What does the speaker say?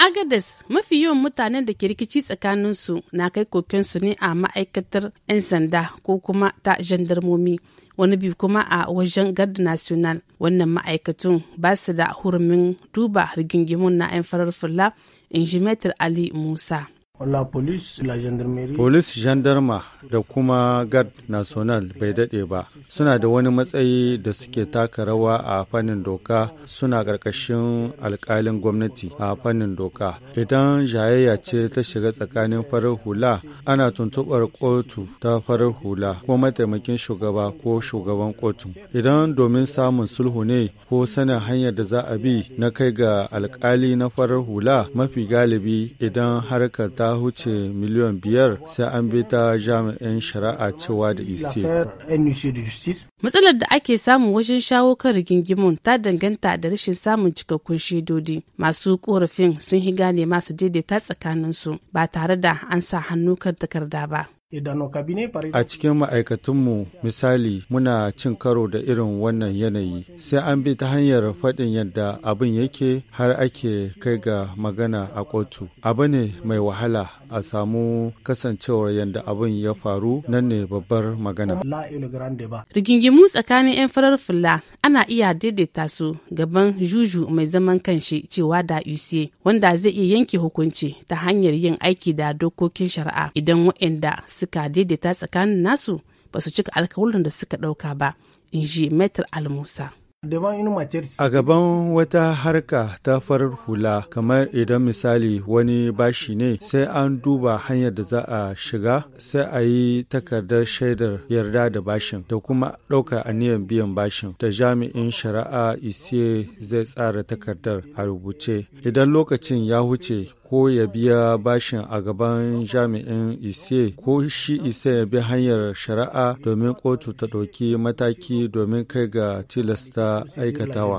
agadis mafi yawan mutanen da ke rikici tsakaninsu na kai kokensu ne a ma'aikatar 'yan sanda ko kuma ta jandarmomi wani biyu kuma a wajen gard national wannan ma'aikatun ba su da hurumin duba rigingimun na 'yan farar fulla injimetar ali musa Polis, gendarma da kuma Guard National bai daɗe ba. Suna da wani matsayi da suke taka rawa a fannin doka suna ƙarƙashin alƙalin gwamnati a fannin doka. Idan jayayya ce ta shiga tsakanin farar hula, ana tuntuɓar kotu ta farar hula ko mataimakin shugaba ko shugaban kotu. Idan domin samun sulhu ne ko sanin hanyar da za a bi na kai ga alƙali na farar hula mafi galibi idan harkar ta ta huce miliyan biyar sai an bi ta jami'in shari'a cewa da ise. Matsalar da ake samu wajen shawo kan rigingimun ta danganta da rashin samun cikakkun shaidodi. Masu korafin sun higa ne masu daidaita tsakanin su ba tare da an sa hannu kan takarda ba. A cikin ma'aikatunmu misali muna cin karo da irin wannan yanayi sai an bi ta hanyar faɗin yadda abin yake har ake kai ga magana a kotu. Abu ne mai wahala a samu kasancewar yadda abin ya faru nan ne babbar magana. Rigingimu tsakanin 'yan farar fulla ana iya daidaita su gaban juju mai zaman kanshi cewa da UCA wanda zai iya yanke hukunci ta hanyar yin aiki da dokokin shari'a idan suka daidaita tsakanin nasu ba su cika alkawarin da suka ɗauka ba in ji metar almusa A gaban wata harka ta farar hula, kamar idan misali wani bashi ne, sai an duba hanyar da za a shiga, sai a yi takardar shaidar yarda da bashin, da kuma ɗauka aniyan biyan bashin. Da jami'in shari'a isiye zai tsara takardar a rubuce. Idan lokacin ya huce ko ya biya bashin a gaban jami'in ise ko shi isa ya bi hanyar shari'a domin kotu ta ɗauki mataki domin kai ga tilasta aikatawa.